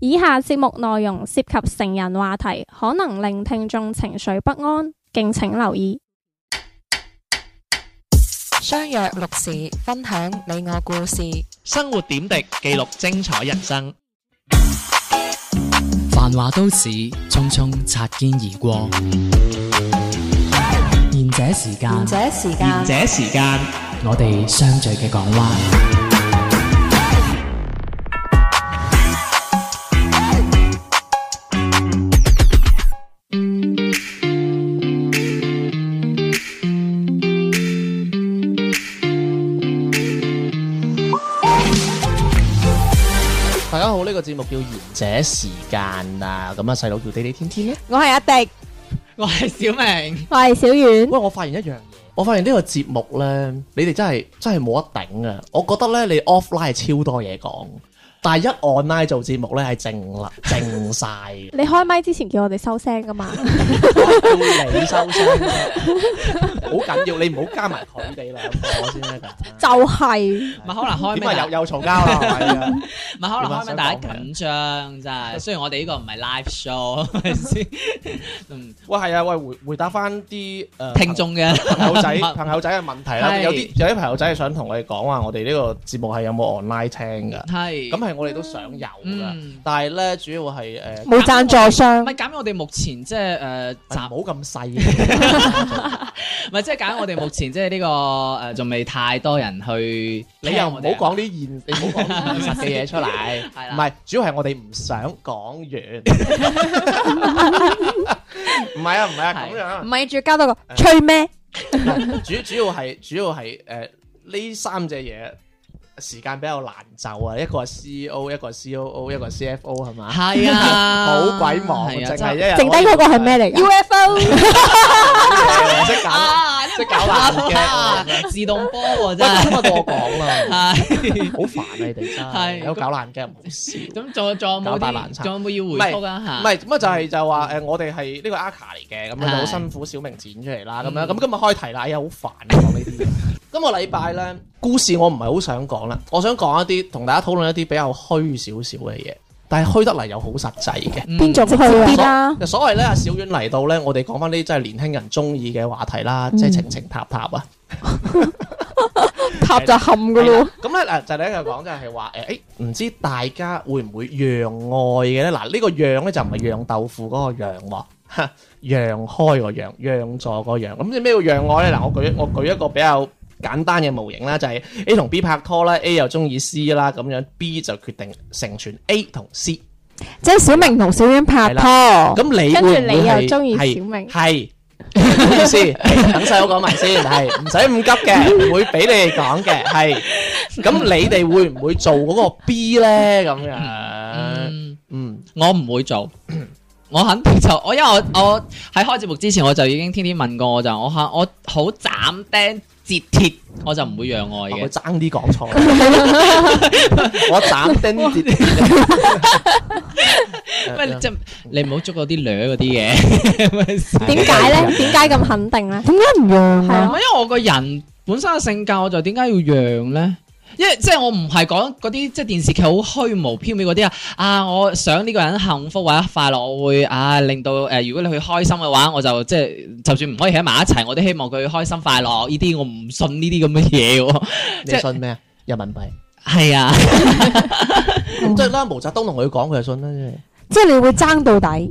以下節目內容涉及成人話題，可能令聽眾情緒不安，敬請留意。相約六時，分享你我故事，生活點滴，記錄精彩人生。繁華都市，匆匆擦肩而過。賢者時間，賢者時間，賢者時間，我哋相聚嘅港灣。叫賢者時間啊，咁啊細佬叫地地天天咧，我係阿迪，我係小明，我係小遠。喂，我發現一樣嘢，我發現呢個節目咧，你哋真係真係冇得頂啊！我覺得咧，你 offline 係超多嘢講。但係一 online 做節目咧，係靜啦，靜晒。 你開麥之前叫我哋收聲噶嘛？ 你收聲，好 緊要。你唔好加埋佢哋兩個先得。就係、是、咪是可能開？點 啊又又嘈交啦？咪可能開？大家緊張真係。雖然我哋呢個唔係 live show，係咪先？嗯，喂係啊，喂回回答翻啲誒聽眾中嘅 朋友仔、朋友仔嘅問題啦。 是有啲有啲朋友仔係想同我哋講話，我哋呢個節目係有冇 online 聽噶？係咁、嗯係我哋都想有噶，但係咧，主要係誒冇贊助商。係搞緊，我哋目前即係誒閘冇咁細。唔係即係搞緊我哋目前即係呢個誒仲未太多人去。你又唔好講啲現你冇講現實嘅嘢出嚟。係啦，唔係主要係我哋唔想講完。唔係啊唔係啊咁樣。唔係，仲要交多個吹咩？主主要係主要係誒呢三隻嘢。時間比較難就啊，一個係 CEO，一個係 COO，一個係 CFO 係嘛？係啊，好鬼忙，淨係一日。剩低嗰個係咩嚟？UFO，識搞，識搞爛嘅，自動波喎真係，今日同我講啦，好煩啊你哋真係，有搞爛嘅冇事。咁仲仲冇啲，仲冇要回覆啊嚇？唔係，咁就係就話誒，我哋係呢個 a r 嚟嘅，咁樣好辛苦，小明剪出嚟啦，咁樣咁今日開題啦，哎呀好煩啊，講呢啲。今個禮拜咧，故事我唔係好想講啦，我想講一啲同大家討論一啲比較虛少少嘅嘢，但係虛得嚟又好實際嘅。邊做即係邊啦。就所謂咧，阿小遠嚟到咧，我哋講翻啲真係年輕人中意嘅話題啦，即係情情塔塔 啊， 塔就冚噶咯。咁咧嗱，就第一個講就係話誒，唔知大家會唔會讓愛嘅咧？嗱，呢個讓咧就唔係讓豆腐嗰個讓，哈，讓開個讓，讓座個讓。咁你咩叫讓愛咧？嗱，我舉我舉一個比較。簡單嘅模型啦，就係 A 同 B 拍拖啦，A 又中意 C 啦，咁樣 B 就決定成全 A 同 C。即係小明同小英拍拖，咁你跟住你又中意小明？係，係。唔好意思，等曬我講埋先，係唔使咁急嘅，會俾你哋講嘅係。咁你哋會唔會做嗰個 B 呢？咁樣，嗯，我唔會做，我肯定就。我因為我我喺開節目之前我就已經天天問過，我就我嚇我好斬釘。斬釘截鐵，我就唔會讓愛嘅，我爭啲講錯。我斬釘截鐵，即你唔好捉嗰啲女嗰啲嘢。點解咧？點解咁肯定咧？點解唔讓、啊？唔係因為我個人本身嘅性格，我就點解要讓咧？因為即係我唔係講嗰啲即係電視劇好虛無縹緲嗰啲啊！啊，我想呢個人幸福或者快樂，我會啊令到誒、呃，如果你去開心嘅話，我就即係就算唔可以喺埋一齊，我都希望佢開心快樂。呢啲我唔信呢啲咁嘅嘢。 你哋即信咩啊？人民幣係啊，即係啦，毛澤東同佢講，佢就信啦，嗯、即係。即係你會爭到底。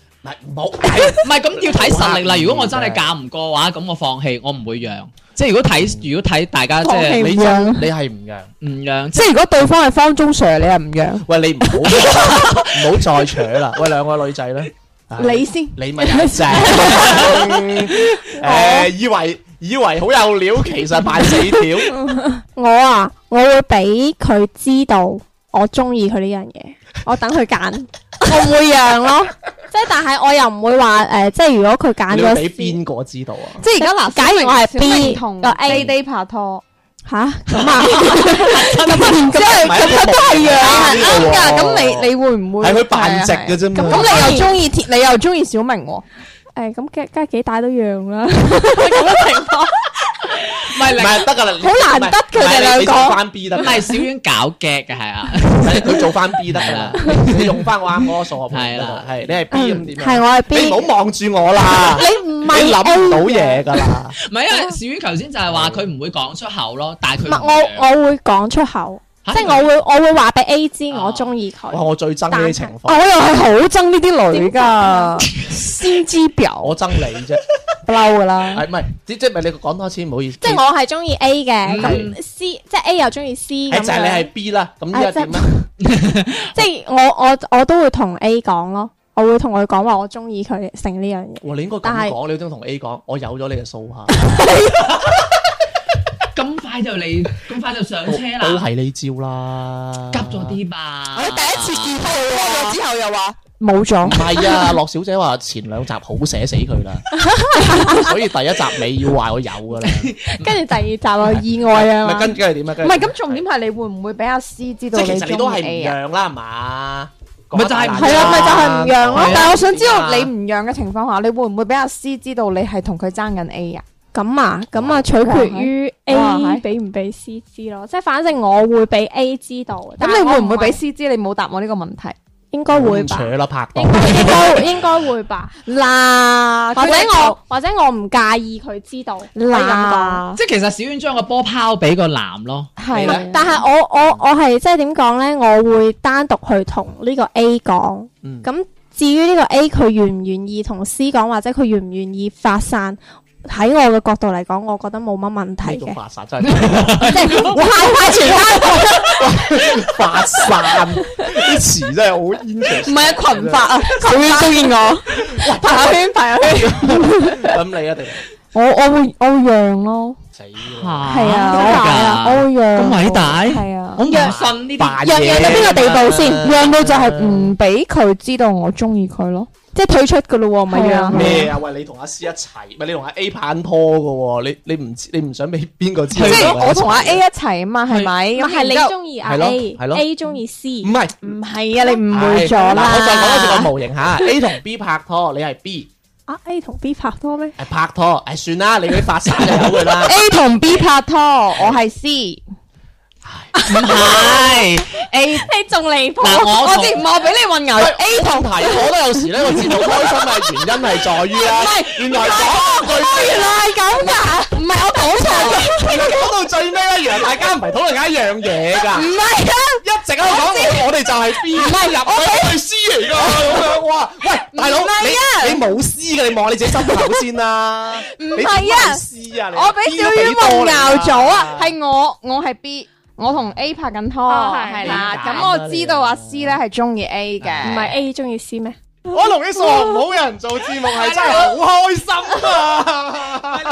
唔係冇，唔係咁，要睇實力啦。 如果我真係嫁唔過話，咁 我放棄，我唔會讓。即係如果睇，如果睇大家，即係你，你讓，你係唔讓，唔讓。即係如果對方係方中 Sir，你係唔讓喂。 喂，你唔好唔好再扯啦。喂，兩個女仔咧， 你先，你咪正。誒，以為以為好有料，其實扮死條。 我啊，我會俾佢知道我中意佢呢樣嘢，我等佢揀。 我唔會讓咯、呃，即係但係我又唔會話誒，即係如果佢揀咗俾邊個知道、D、啊？即係而家，嗱，假如我係 B 同 A D 拍拖，吓咁啊？咁然之後都係讓，啱㗎？咁你你會唔會係佢 扮直嘅啫？咁 你又中意鐵？你又中意小明、啊？誒、欸，咁嘅，梗係幾大都讓啦。咁嘅情況。唔係唔係得噶啦，好難得佢哋兩個，唔係小婉搞笑嘅係啊，佢做翻 B 得噶啦，你用翻我啱哥所係啦，係你係 B 咁點？係我係 B，你唔好望住我啦，你唔係你諗唔到嘢噶啦，唔係因為小婉頭先就係話佢唔會講出口咯，但係佢唔係我我會講出口，即係我會我會話俾 A 知我中意佢，我最憎呢啲情況，我又係好憎呢啲女噶。先知表，我憎你啫，嬲噶啦。係唔係？即係唔係你講多次唔好意思。即係我係中意 A 嘅，C 即係 A 又中意 C。就係你係 B 啦。咁呢一點咧？即係我我我都會同 A 講咯，我會同佢講話我中意佢成呢樣嘢。你應該咁講，你都同 A 講，我有咗你嘅數下。咁快就嚟，咁快就上車啦！都係你招啦，急咗啲吧？我第一次見翻你，之後又話。冇咗。唔係啊，樂小姐話前兩集好寫死佢啦，所以第一集你要話我有噶啦。跟住第二集啊，意外啊。咪跟住係點啊？唔係咁重點係你會唔會俾阿 C 知道？即係其實都係唔讓啦，係嘛？咪就係係啊，咪就係唔讓咯。但係我想知道你唔讓嘅情況下，你會唔會俾阿 C 知道你係同佢爭緊 A 啊？咁啊咁啊，取決於 A 俾唔俾 C 知咯。即係反正我會俾 A 知道。咁你會唔會俾 C 知？你冇答我呢個問題。應該會吧，應該該 應該會吧，嗱 啦，或者我或者我唔介意佢知道，男噶啦，即係其實小娟將個波拋俾個男咯，係的，但係我我我係即係點講呢，我會單獨去同呢個 A 講，咁、嗯、至於呢個 A 佢願唔願意同 C 講，或者佢願唔願意發散。喺我嘅角度嚟講，我覺得冇乜問題嘅。發散真係，排排圈啦，發散啲詞真係好 insane 唔係啊，群發啊，佢會中意我，排下圈排下圈。咁你啊，定我我會我會讓咯。係啊，咁大啊，我讓，咁偉大，係啊，我信呢啲嘢，讓讓到邊個地步先？讓到就係唔俾佢知道我中意佢咯，即係退出噶咯，咪啊咩啊？喂，你同阿 C 一齊，咪你同阿 A 拍拖噶？你你唔你唔想俾邊個知？即係我同阿 A 一齊啊嘛，係咪？咁係你中意阿 A，A 中意 C，唔係唔係啊？你誤會咗啦。嗱，我再講一次個模型吓，A 同 B 拍拖，你係 B。啊 A 同 B 拍拖咩？係、哎、拍拖，哎算啦， 你啲發散就好噶啦。 A 同 B 拍拖，我係 C。唔係 A，你仲離譜。嗱，我我俾你混淆 A 同題，我都有時咧，我自己好開心嘅原因係在於啊，唔係原來講啊，原來係咁噶，唔係我講錯咗。講到最尾原來，大家唔係討論一樣嘢噶，唔係啊，一直喺度講，我哋就係 B，唔係入去係 C 嚟噶咁樣。哇，喂，大佬，你你冇 C 嘅，你望下你自己心口先啦。唔係啊，C 啊，我俾小雨混淆咗啊，係我，我係 B。我同 A 拍緊拖，嗱咁、哦、我知道阿 C 咧係中意 A 嘅，唔係 A 中意 C 咩？ 我同 A 傻唔好人做節目係真係好開心啊！ 其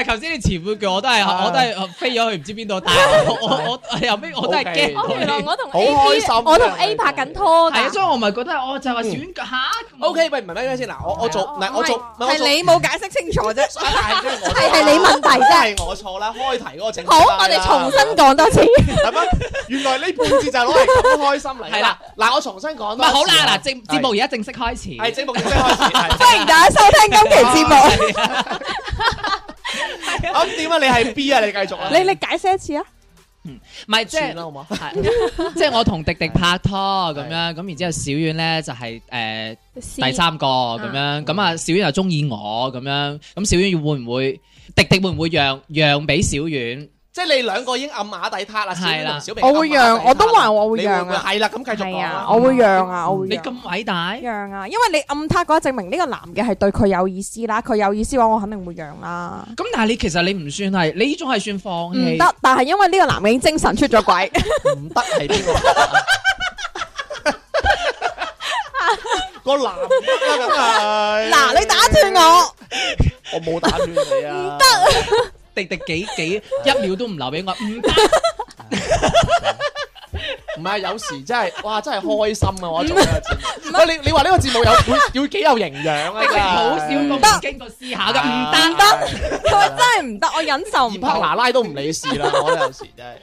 實頭先你前半句我都係，我都係飛咗去唔知邊度打我我後尾我都係驚。原來我同 A 拍緊拖。係所以我唔係覺得我就話短腳吓。O K，喂，唔係咩先嗱？我我做嗱，我做係你冇解釋清楚啫。係係你問題啫。係我錯啦，開題嗰個情況。好，我哋重新講多次。原來呢半節就攞嚟咁開心嚟。係啦，嗱，我重新講。唔係好啦，嗱，節目而家正式開始。係節目正式開始，歡迎大家收聽今期節目。咁點解你係 B 啊？你繼續啊！ 你你解釋一次啊？嗯，咪轉啦，好唔好？係， 即係我同迪迪拍拖咁 樣，咁然之後小遠咧就係、是、誒、呃、C. 第三個咁樣，咁啊小遠又中意我咁樣，咁、啊、小遠會唔會迪迪 會唔會讓讓俾小遠？即係你兩個已經暗啞底撻啦，小林、小明。我會讓，我都話我會讓。係啦，咁繼續講。我會讓啊，我會讓。你咁偉大？讓啊，因為你暗撻嗰陣證明呢個男嘅係對佢有意思啦。佢有意思嘅話，我肯定會讓啦。咁但係你其實你唔算係，你呢種係算放棄。唔得，但係因為呢個男嘅已經精神出咗軌。唔得。係邊個？個男嗱，你打斷我。我冇打斷你啊。唔得。滴滴幾幾一秒都唔留俾我，唔得，唔係啊！有時真係，哇，真係開心啊！我做呢個節目，喂，你你話呢個節目有會要幾有營養啊？好少經過試下噶，唔得，佢真係唔得，我忍受唔到。二拍拿拉都唔理事啦，我都有時真係。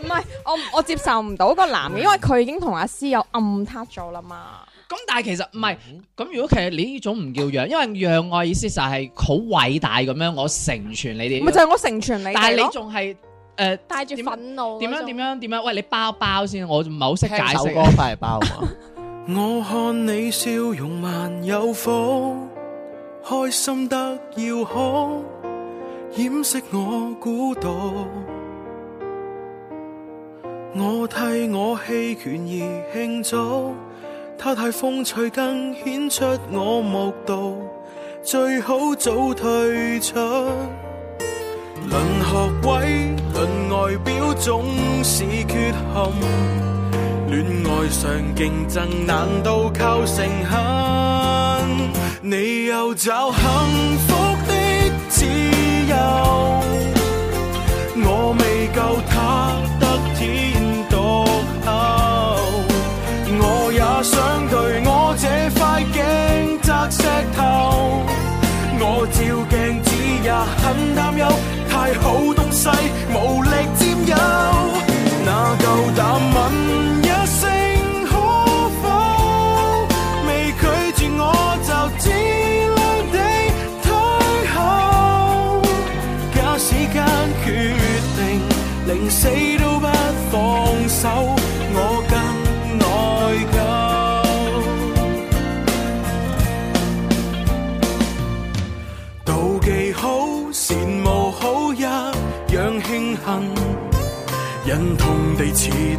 唔係，我我接受唔到個男嘅，因為佢已經同阿詩有暗撻咗啦嘛。咁但係，其實唔係，咁如果其實你呢種唔叫讓，因為讓愛意思就係好偉大咁樣，我成全你哋。咪就係我成全你，但係你仲係誒，帶住憤怒，點樣點樣點樣？喂，你包包先，我唔係好識解釋。聽首歌快嚟包啊！我看你笑容還有火，開心得要哭，掩飾我孤獨。我替我棄權而慶祝。他太，太風趣，更顯出我木訥，最好早退出。論學位，論外表，總是缺陷。戀愛上競爭，難道靠誠懇？你有找幸福的自由，我未夠他。想對我這塊鏡砸石頭，我照鏡子也很擔憂，太好。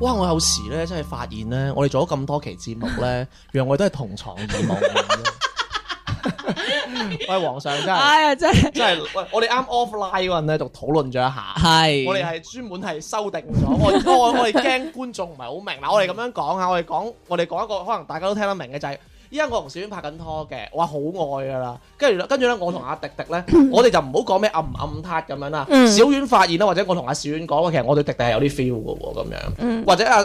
哇！我有時咧，真係發現咧，我哋做咗咁多期節目咧，讓我哋都係同床異夢 喂，皇上真係 真係，我哋啱 offline 嗰陣咧，就討論咗一下。係，我哋係專門係修訂咗。我我哋驚觀眾唔係好明，嗱， 我哋咁樣講下，我哋講我哋講一個可能大家都聽得明嘅就係、是。依家我同小苑拍緊拖嘅，哇好愛噶啦，跟住咧跟住咧，我同阿迪迪咧， 我哋就唔好講咩暗唔暗撻咁樣啦。 小苑發現啦，或者我同阿小苑講，其實我對迪迪係有啲 feel 嘅喎，咁樣 或者阿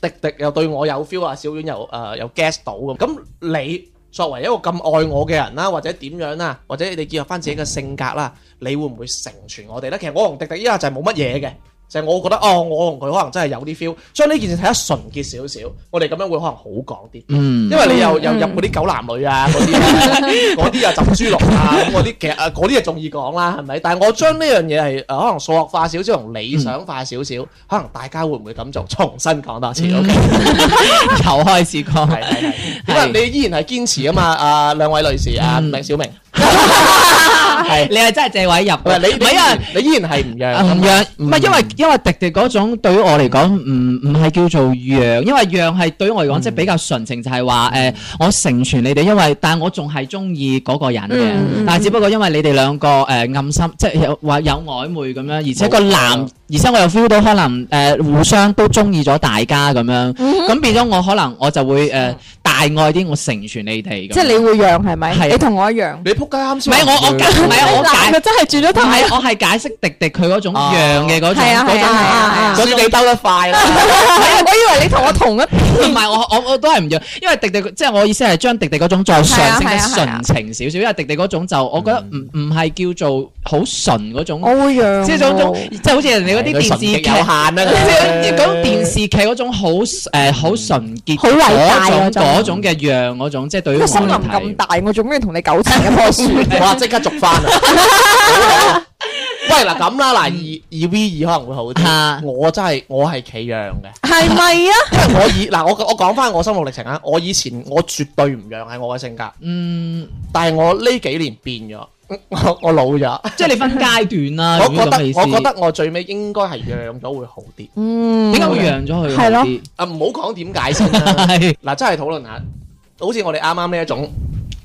迪迪又對我有 feel，阿小苑又誒又 guess 到咁。咁你作為一個咁愛我嘅人啦，或者點樣啦，或者你哋結合翻自己嘅性格啦，你會唔會成全我哋咧？其實我同迪迪依家就係冇乜嘢嘅。就係我覺得哦，我同佢可能真係有啲 feel，將呢件事睇得純潔少少，我哋咁樣會可能好講啲。嗯，因為你又又入啲狗男女啊，嗰啲嗰啲啊，浸豬、 啊、籠啊，咁嗰啲劇啊，嗰啲啊，仲易講啦，係咪？但係我將呢樣嘢係可能數學化少少，同理想化少少，可能大家會唔會咁做？重新講多次，OK？又、 嗯、 開始講，係係係，是你依然係堅持是啊嘛，啊兩位女士啊，嗯、明小明。 係，你係真係借位入，唔係你，唔係因為你依然係唔讓，唔讓，唔係因為因為迪迪嗰種對於我嚟講，唔唔係叫做讓，因為讓係對於我嚟講即係比較純情，就係話誒我成全你哋，因為但係我仲係中意嗰個人嘅，但係只不過因為你哋兩個誒暗心，即係有話有曖昧咁樣，而且個男，而且我又 feel 到可能誒互相都中意咗大家咁樣，咁變咗我可能我就會誒大愛啲，我成全你哋，即係你會讓係咪？你同我一樣，你仆街啱先，唔係我我。係啊！我解佢真係轉咗頭。我係解釋迪迪佢嗰種樣嘅嗰種嗰種，嗰種你兜得快啦。我以為你同我同一，唔係我我我都係唔樣，因為迪迪即係我意思係將迪迪嗰種再上升一純情少少，因為迪迪嗰種就我覺得唔唔係叫做好純嗰種。即係種即係好似人哋嗰啲電視劇有限啊，即係嗰種電視劇嗰種好誒好純潔、好偉大嗰種嗰種嘅樣嗰種，即係對於森林咁大，我做咩同你狗食一棵樹？哇！即刻續翻。喂，嗱咁啦，嗱二二 V 二可能會好啲。我真係我係企讓嘅，係咪啊？因為我以嗱我我講翻我心路歷程啊！我以前我絕對唔讓係我嘅性格。嗯，但係我呢幾年變咗，我老咗，即係你分階段啦。我覺得我覺得我最尾應該係讓咗會好啲。嗯，點解會讓咗佢？係咯，啊唔好講點解先嗱，真係討論下，好似我哋啱啱呢一種。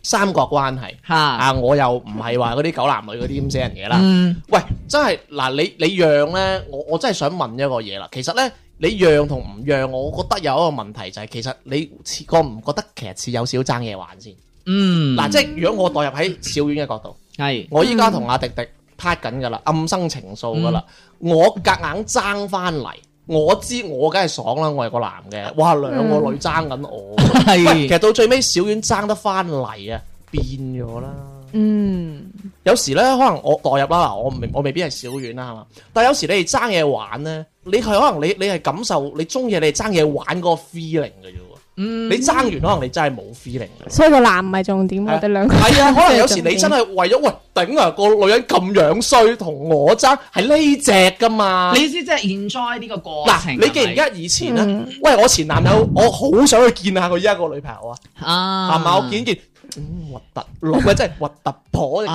三角關係嚇啊！哈我又唔係話嗰啲狗男女嗰啲咁死人嘢啦。嗯、喂，真係嗱，你你讓呢？我我真係想問一個嘢啦。其實呢，你讓同唔讓，我覺得有一個問題就係、是，其實你個唔覺得其實似有少爭嘢玩先。嗯，嗱，即係如果我代入喺小婉嘅角度，係、嗯、我依家同阿迪迪拍緊㗎啦，暗生情愫㗎啦，嗯、我夾硬爭翻嚟。我知我梗係爽啦，我係個男嘅，哇，兩個女爭緊我，嗯、其實到最尾小丸爭得翻嚟啊，變咗啦。嗯，有時咧可能我代入啦，我唔我未必係小丸啦係嘛，但係有時你哋爭嘢玩咧，你係可能你你係感受你中意你爭嘢玩嗰個 feeling 嘅啫。嗯，你爭完可能你真係冇 feeling，所以個男唔係重點啊，我哋兩個係啊，可能有時你真係為咗喂頂啊個女人咁樣衰，同我爭係呢隻噶嘛？你意思即係 enjoy 呢個過程？嗯、你既然而家以前咧，嗯、喂我前男友，嗯、我好想去見下佢依家個女朋友啊，係嘛？我見見。咁核突，老咪真係核突婆，又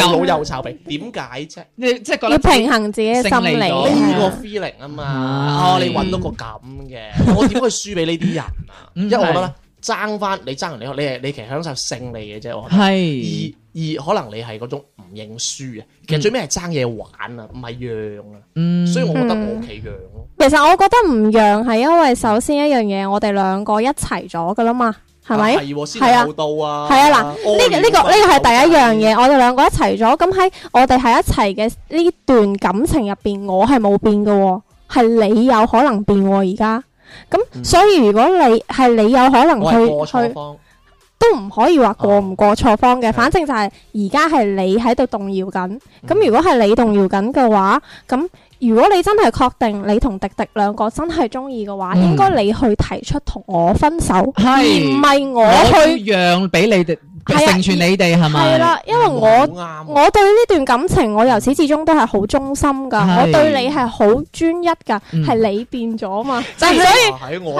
老又臭鼻，點解啫？你即係覺得要平衡自己嘅心理呢個 feeling 啊嘛？哦，你揾到個咁嘅，我點解會輸俾呢啲人啊？因為我覺得爭翻你爭人，你你係你其實享受勝利嘅啫，我覺得係。而而可能你係嗰種唔認輸啊，其實最尾係爭嘢玩啊，唔係讓啊。嗯，所以我覺得我企讓咯。其實我覺得唔讓係因為首先一樣嘢，我哋兩個一齊咗噶啦嘛。係咪？係啊，係啊，嗱，呢個呢個呢個係第一樣嘢。我哋兩個一齊咗，咁喺我哋喺一齊嘅呢段感情入邊，我係冇變嘅，係你有可能變。而家咁，所以如果你係你有可能去去，都唔可以話過唔過錯方嘅。反正就係而家係你喺度動搖緊。咁如果係你動搖緊嘅話，咁。如果你真係確定你同迪迪兩個真係中意嘅話，嗯、應該你去提出同我分手，是而唔係我去讓俾你哋。成全你哋係咪？係啦，因為我我對呢段感情，我由始至終都係好忠心噶，我對你係好專一噶，係你變咗啊嘛。即係喺我，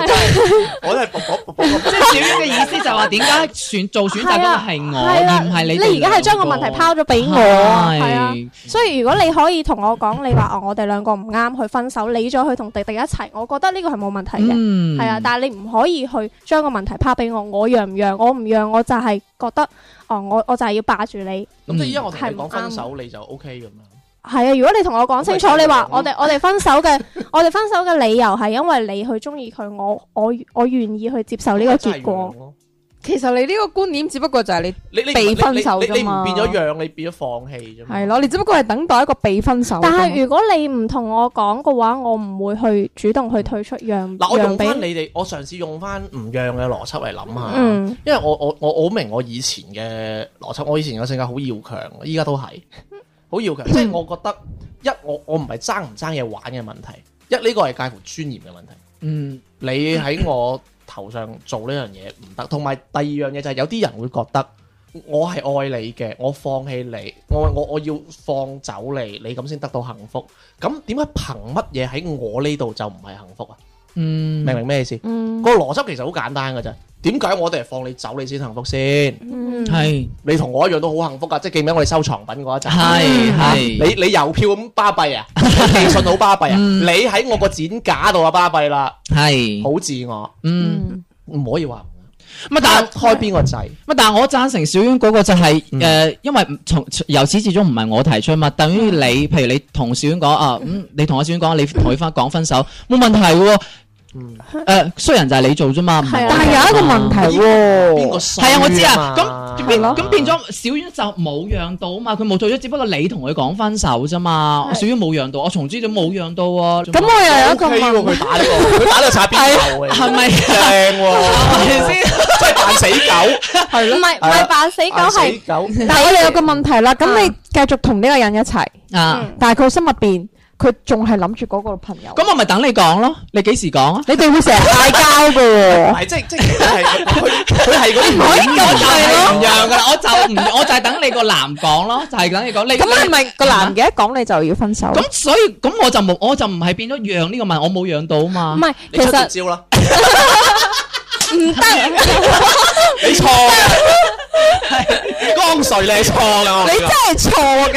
我都係博博博博。即係小英嘅意思就係話，點解選做選擇咁係我而唔係你？你而家係將個問題拋咗俾我啊，係啊。所以如果你可以同我講，你話哦，我哋兩個唔啱，去分手，你再去同迪迪一齊，我覺得呢個係冇問題嘅，係啊。但係你唔可以去將個問題拋俾我，我讓唔讓，我唔讓我就係覺得。得哦，我我就係要霸住你。咁、嗯、即係依家我同你講分手，你就 OK 咁樣。係啊，如果你同我講清楚，你話我哋我哋分手嘅， 我哋分手嘅理由係因為你去中意佢，我我我願意去接受呢個結果。其實你呢個觀點只不過就係你你被分手你唔變咗讓，你變咗放棄啫。係咯，你只不過係等待一個被分手。但係如果你唔同我講嘅話，我唔會去主動去退出讓。嗯、讓我用翻你哋，我嘗試用翻唔讓嘅邏輯嚟諗下，嗯、因為我我我我好明我以前嘅邏輯，我以前嘅性格好要強，依家都係好要強，嗯、即係我覺得一我我唔係爭唔爭嘢玩嘅問題，一呢、這個係介乎尊嚴嘅問題。嗯，你喺我。 頭上做呢樣嘢唔得，同埋第二樣嘢就係有啲人會覺得我係愛你嘅，我放棄你，我我我要放走你，你咁先得到幸福。咁點解憑乜嘢喺我呢度就唔係幸福呀？嗯，明唔明咩意思？嗯，個邏輯其實好簡單噶咋？點解我哋係放你走，你先幸福先？嗯，係。你同我一樣都好幸福噶，即係記唔記得我哋收藏品嗰一陣？係係。你你郵票咁巴閉啊？寄信好巴閉啊？你喺我個展架度啊，巴閉啦。係。好自我。嗯，唔可以話乜但係開邊個掣？乜但係我贊成小婉嗰個就係誒，因為從由始至終唔係我提出嘛，等於你，譬如你同小婉講啊，咁你同阿小婉講，你同佢分講分手，冇問題嘅。嗯，誒，衰人就係你做啫嘛，但係有一個問題喎，係啊，我知啊，咁變咁變咗小婉就冇讓到嘛，佢冇做咗，只不過你同佢講分手啫嘛，小婉冇讓到，我從之都冇讓到，咁我又有一個問題，佢打到，佢打到擦邊球嘅，係咪靚？係咪先？即係扮死狗，係咯，唔係唔係扮死狗，係，但係我哋有個問題啦，咁你繼續同呢個人一齊，但係佢心入邊。佢仲係諗住嗰個朋友。咁我咪等你講咯，你幾時講？你哋會成日嗌交嘅喎。唔係，即係即係，係佢佢係嗰啲唔忍唔讓噶啦。我就唔我就係等你個男講咯，就係等你講。咁你咪個男嘅一講你就要分手。咁所以咁我就冇，我就唔係變咗讓呢個問，我冇讓到嘛。唔係，你出招啦。唔得，你錯。江 Sir，你係錯㗎！你真係錯㗎！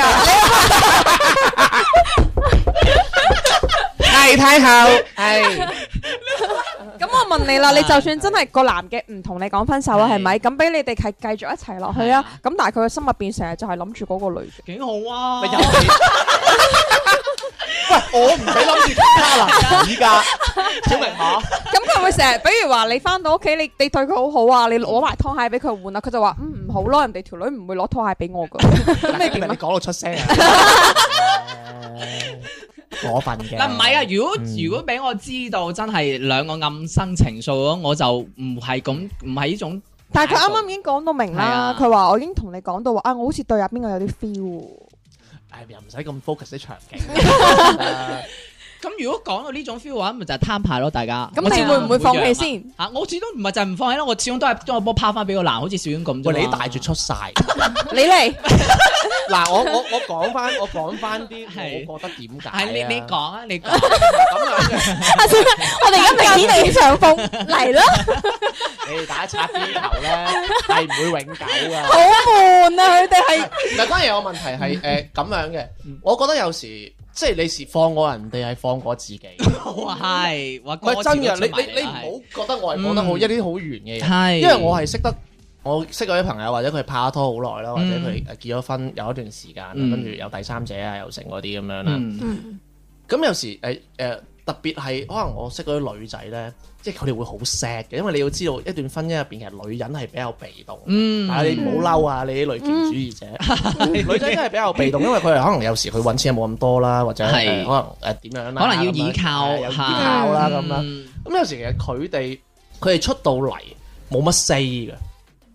係、哎、太后，係咁、哎、 我問你啦，你就算真係個男嘅唔同你講分手啊，係咪的？咁俾你哋係繼續一齊落去啊？咁的但係佢嘅心入邊成日就係諗住嗰個女嘅，幾好啊。 喂，我唔使諗住其他男啦，依家聽明我？咁佢會成日，比如話你翻到屋企，你你對佢好好啊，你攞埋拖鞋俾佢換啊，佢就話唔、嗯、好咯，人哋條女唔會攞拖鞋俾我噶。咩叫 你講到出聲啊？ 我笨嘅嗱，唔係啊！如果、嗯、如果俾我知道，真係兩個暗生情愫咯，我就唔係咁，唔係呢種。但係佢啱啱已經講到明啦，佢話的我已經同你講到話啊，我好似對入邊個有啲 feel。誒、嗯，又唔使咁 focus 啲場景。 咁如果講到呢種 feel 嘅話，咪就係攤牌咯，大家。咁你會唔會放棄先？吓 來， 我始終唔係就係唔放棄咯，我始終都係將個波拋翻俾個男，好似小丸咁。你帶住出晒，你嚟。嗱，我我我講翻，我講翻啲，我覺得點解？係你你講啊，你講。咁啊，樣嘅！我哋而家明顯佔上風，嚟啦！ 你哋打擦邊球咧，係唔會永久噶。好悶 啊！佢哋係。 但係關於個問題係誒咁樣嘅， 我覺得有時。即係你是放過人哋，係放過自己。係，喂，真嘅，次你次你次你唔好覺得我係講得好、嗯、一啲好遠嘅嘢。係，因為我係識得我識嗰啲朋友，或者佢拍咗拖好耐啦，或者佢結咗婚有一段時間，跟住、嗯、有第三者啊，又成嗰啲咁樣啦。咁、嗯嗯、有時誒誒、呃，特別係可能我識嗰啲女仔咧。即係佢哋會好 sad 嘅，因為你要知道一段婚姻入邊其實女人係比較被動。嗯，你唔好嬲啊！你啲女權主義者，女仔真係比較被動，因為佢哋可能有時佢揾錢又冇咁多啦，或者可能誒點樣啦，可能要依靠、依靠啦咁啦。咁有時其實佢哋佢哋出到嚟冇乜 say 嘅，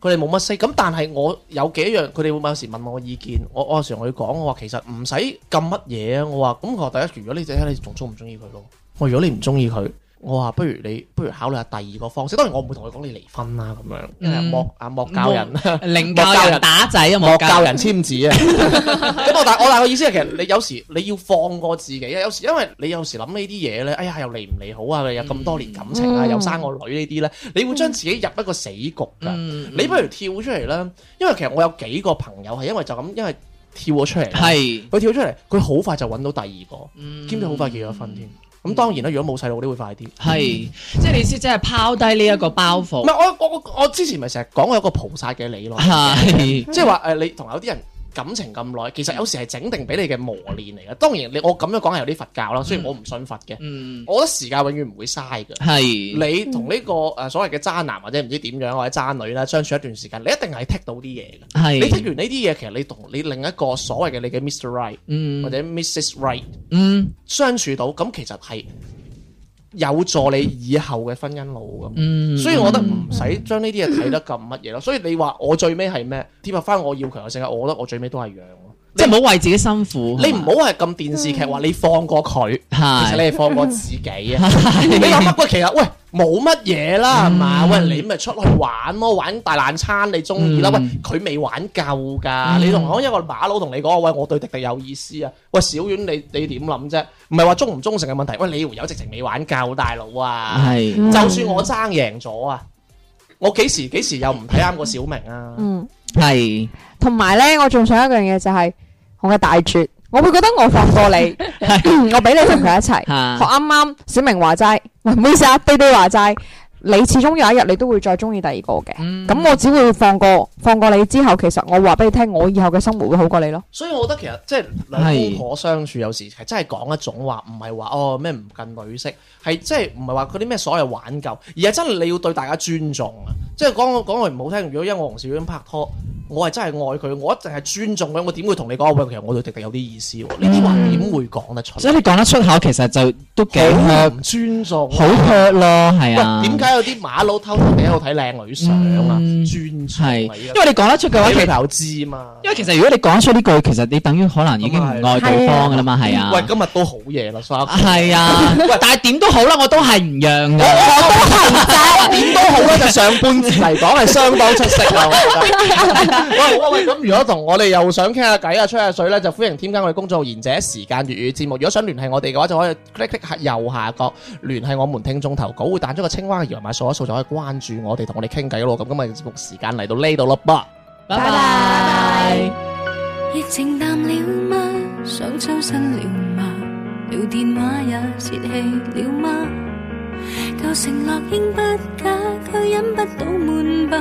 佢哋冇乜 say。咁但係我有幾樣，佢哋會有時問我意見。我我有時同佢講，我話其實唔使咁乜嘢啊。我話咁我第一，如果你仔你仲中唔中意佢咯？我如果你唔中意佢。我話不如你，不如考慮下第二個方式。當然我唔會同佢講你離婚啦咁樣，嗯、莫啊莫教人，莫教人打仔啊，莫教人簽字啊。咁 我大我大個意思係，其實你有時你要放過自己啊。有時因為你有時諗呢啲嘢咧，哎呀又離唔離好啊？又咁多年感情啊，嗯、又生個女呢啲咧，你會將自己入一個死局噶。嗯、你不如跳出嚟啦。因為其實我有幾個朋友係因為就咁，因為跳咗出嚟，佢是跳出嚟，佢好快就搵到第二個，兼且好快結咗婚添。咁、嗯、當然啦，如果冇細路，都會快啲。係是，嗯、即你意思即係拋低呢一個包袱。唔係、嗯，我我我我之前咪成日講我有個菩薩嘅理論。係是，嗯、即係話誒，你同有啲人，感情咁耐，其實有時係整定俾你嘅磨練嚟嘅。當然，你我咁樣講係有啲佛教啦，雖然我唔信佛嘅。嗯，我覺得時間永遠唔會嘥嘅。係是，你同呢個誒所謂嘅渣男或者唔知點樣或者渣女啦，相處一段時間，你一定係 take 到啲嘢嘅。係是，你 take 完呢啲嘢，其實你同你另一個所謂嘅你嘅 Mr. Right、嗯、或者 Mrs. Right，嗯，相處到咁，嗯、其實係。有助你以後嘅婚姻路咁，嗯、所以我覺得唔使將呢啲嘢睇得咁乜嘢咯。嗯、所以你話我最尾係咩？貼合翻我要強嘅性格，我覺得我最尾都係樣咯，即係唔好為自己辛苦，你唔好係咁電視劇話你放過佢，是其實你係放過自己啊！你有乜鬼其實喂？冇乜嘢啦，係嘛？喂，你咪出去玩咯，玩大懶餐你中意啦。喂，佢未玩夠噶，你同我一個馬佬同你講，喂，我對迪迪有意思啊。喂，小丸你你點諗啫？唔係話忠唔忠誠嘅問題。喂，你有直情未玩夠，大佬啊！係，就算我爭贏咗啊，我幾時幾時又唔睇啱個小明啊？嗯，係。同埋咧，我仲想一樣嘢就係同個大絕。我會覺得我放過你， 我俾你同佢一齊。學啱啱小明話齋，唔好意思啊，B B 話齋，你始終有一日你都會再中意第二個嘅，咁、嗯、我只會放過放過你之後，其實我話俾你聽，我以後嘅生活會好過你咯。所以我覺得其實即係兩公婆相處有時係真係講一種話，唔係話哦咩唔近女色，係即係唔係話嗰啲咩所謂玩夠，而係真係你要對大家尊重啊。即係講講我唔好聽，如果因為我同小英拍拖。我係真係愛佢，我一定係尊重佢，我點會同你講？喂，其實我對迪迪有啲意思喎，呢啲話點會講得出？即係你講得出口，其實就都幾唔尊重，好屈咯，係啊。點解有啲馬騮偷睇我睇靚女相啊？尊重咪？因為你講得出嘅話，其他人有知嘛？因為其實如果你講出呢句，其實你等於可能已經唔愛對方噶啦嘛，係啊。喂，今日都好夜啦，三。係啊，喂，但係點都好啦，我都係唔讓嘅，我都唔抵。點都好咧，就上半節嚟講係相當出色咯。喂喂喂，咁如果同我哋又想傾下偈啊，吹下水咧，就歡迎添加我哋公眾號《賢者時間粵語節目》。如果想聯繫我哋嘅話，就可以 click click 右下角聯繫我們。聽眾投稿會彈出個青蛙嘅二維碼，掃一掃就可以關注我哋同我哋傾偈咯。咁今日節目時間嚟到呢度啦噃，拜拜。Bye bye! 熱情淡了嗎，想抽身了嗎？聊電話也洩氣了嗎？舊承諾應不假，卻忍不到悶吧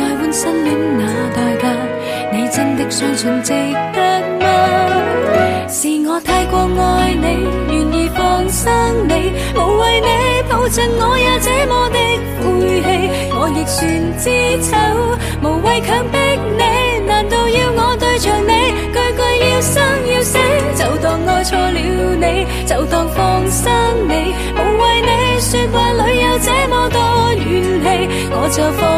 愛換新戀那代價，你真的相信值得嗎？ 是我太過愛你，願意放生你，無謂你抱緊我也這麼的晦氣，我亦算知醜，無謂強迫你，難道要我對着你句句要生要死？就當愛錯了你，就當放生你，無謂你說話裏有這麼多怨氣，我就放。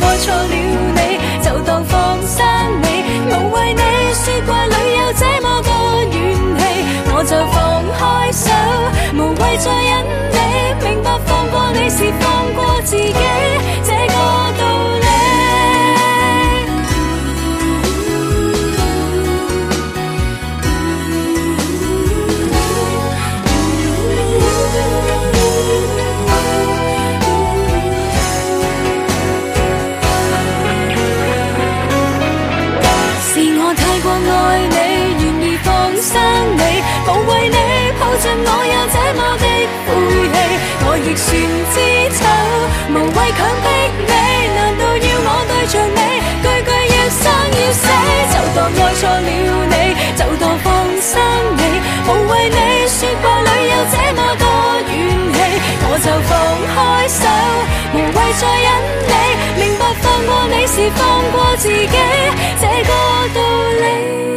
愛錯了你，就當放生你。無 謂你說過，裏有這麼多怨氣，我就放開手，無 謂再忍你。明白放過你是放過自己，這個道理。船之丑，無謂強迫你。難道要我對著你句句要生要死？就當愛錯了你，就當放生你。無謂你説話裏有這麼多怨氣，我就放開手，無謂再忍你。明白放過你是放過自己，這個道理。